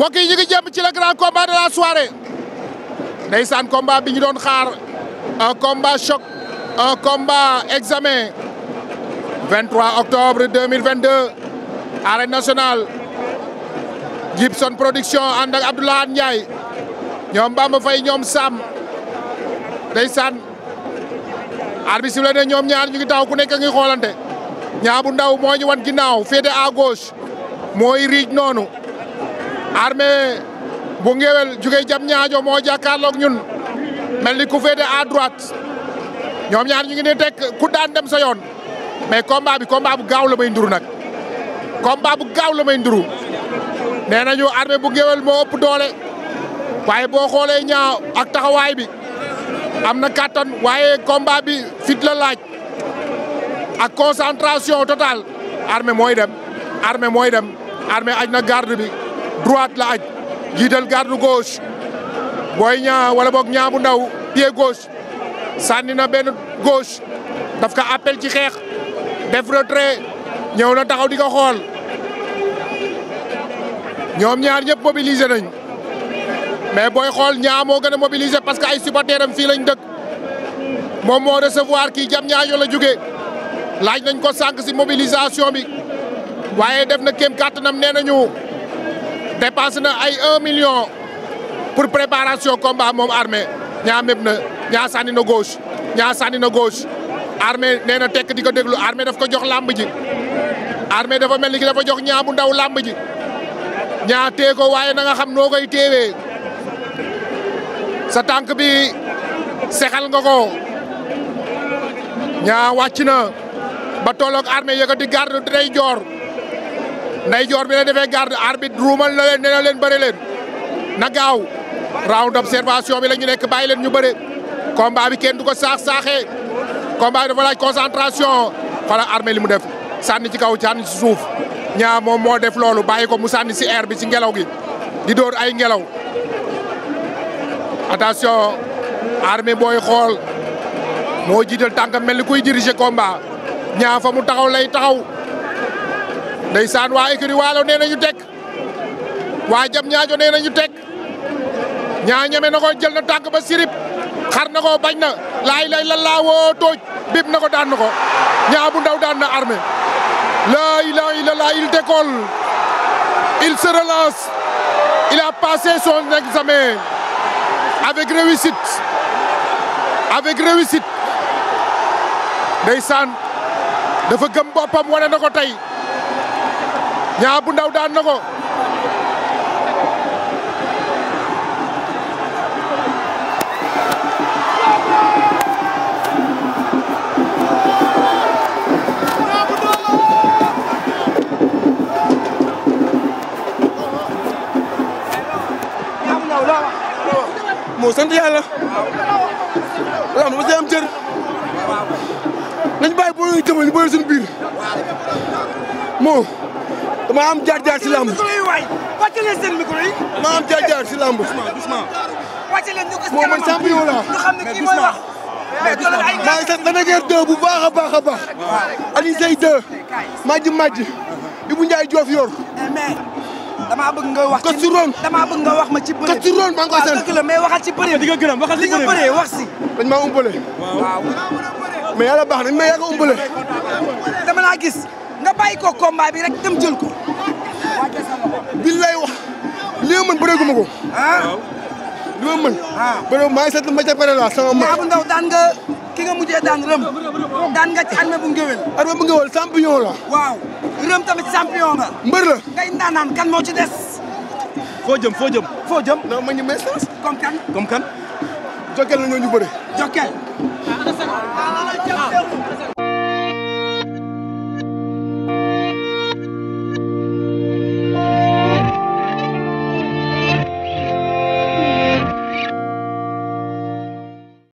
mbokk yi ñu ngi jëm ci le grand combat de la soirée ndeysaan combat bi ñu doon xaar un combat choc un combat examen 23 octobre 2022 arène nationale Gibson production ànd ak Abdoulaye Ndiaye ñoom Bamba Faye ñoom Sam ndeysaan arbitre sifflé na ñoom ñaar ñu ngi taxaw ku nekk ngi xoolante ñaa bu ndaw moo wan ginnaaw de à gauche mooy riij noonu armée bu ngewel jugee jam ñaajo moo jàkkaarloog ñun mel ni ku féete à droite ñoom ñaar ñu ngi ne tekk ku daan dem sa yoon mais combat bi combat bu gaaw la may nduru nag combat bu gaaw la may nduru nee nañu armée bu ngewel moo ëpp doole waaye boo xoolee ñaa ak taxawaay bi am na kàttan waaye combat bi fit la laaj ak concentration totale armée mooy dem armée mooy dem armée aj na garde bi droite la aj jiital garde gauche booy ñaa wala boog ñaa bu ndaw pied gauche sànni na benn gauche daf ka appel ci xeex def retrait ñëw na taxaw di ko xool ñoom ñaar ñëpp mobiliser nañ mais booy xool ñaa moo gën a mobiliser parce que ay supporters fii lañ dëkk moom moo recevoir kii jam ñaajo la jóge laaj nañ ko sànq si mobilisation bi waaye def na kéem kàttanam nee nañu dépassé na ay 1 million pour préparation combat moom armée ñaa méb na ñaa sànni na gauche ñaa sànni na gauche armée nee na tekk di ko déglu armée daf ko jox làmb ji armée dafa mel ni ki dafa jox ñaa bu ndaw làmb ji ñaa tee ko waaye na nga xam noo koy teewee sa tànk bi sexal nga ko ñaa wàcc na ba tolloog armée di garde day joor ndeyjoor bi la defee garde arbitre ruumal na leen leen bëri leen na gaaw round d'observation bi la ñu nekk bàyyi leen ñu bëre combat bi kenn du ko saax saaxee combat bi dafa laaj concentration xoolal armée li mu def sànni ci kaw sànni ci suuf ñaa moom moo def loolu bàyyi ko mu sànni si air bi si ngelaw gi di dóor ay ngelaw attention armée booy xool moo jiital tànkam mel ni kuy diriger combat ñaa fa mu taxaw lay taxaw ndeysaan waa écurie Waalo nee nañu teg waa jam ñaajo nee nañu teg ñaa ñeme na ko jël na tànk ba sirip xar na ko bañ na laay lay la laawoo tooj bib na ko daan na ko ñaa bu ndaw daan na armé laa ilaha illallah il décolle il se relance il a passé son examen avec réussite avec réussite ndeysaan dafa gëm boppam wane na ko tey ñaa bu ndaw daan na ko moo sant yàlla waaw ma see am cër nañ bàyyi boo ñuy tëmal ñu boole suñu biir moo dama am jaar-jaar si làmb. wàcce leen seen micro yi. dama am jaar si làmb. wàcce leen ñu gis moom man champion laa. ñu xam ne kii mooy wax. maa ngi sant Lac de Guiers 2 bu baax a baax a baax. Alioune Seye 2. Madji Madji. Ibou Ndiaye Diouf yor. Eh, damaa bëgg nga wax ci kër Suroon damaa bëgg nga wax ma ci bëree. kër Suroon maa ngi koy sant waaw dëgg la mais waxal ci bëree. nga gërëm waxal ci bëree li nga bëree wax si. dañ maa umbale. waaw mais yàlla baax dañ ma yàgg a umbale. dama laa gis nga bàyyi ko combat bi rek dem jël ko. billaay wax li ma mën bëreegu ah? ma ko. li ah. maa ngi ma ca pare la sama mën. Niang bu daan nga ki nga mujjee daan rëm. daan nga ci armée bu ngéwél. armée bu ngéwél champion la. waaw rëm tamit champion la. mbër la ngay ndaanaan kan moo ci des. foo jëm foo jëm. foo jëm ma ñu may kan comme kan. Jokal ñu bëre. Jokal.